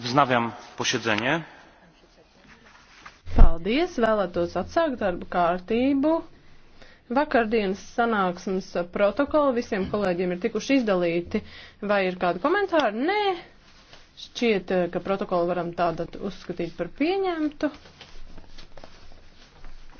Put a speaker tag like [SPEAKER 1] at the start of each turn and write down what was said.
[SPEAKER 1] Vznaviam posiedzenie.
[SPEAKER 2] Paldies, vēlētos atsākt darbu kārtību. Vakardienas sanāksmes protokoli visiem kolēģiem ir tikuši izdalīti. Vai ir kādi komentāri? Nē. Šķiet, ka protokolu varam tātad uzskatīt par pieņemtu.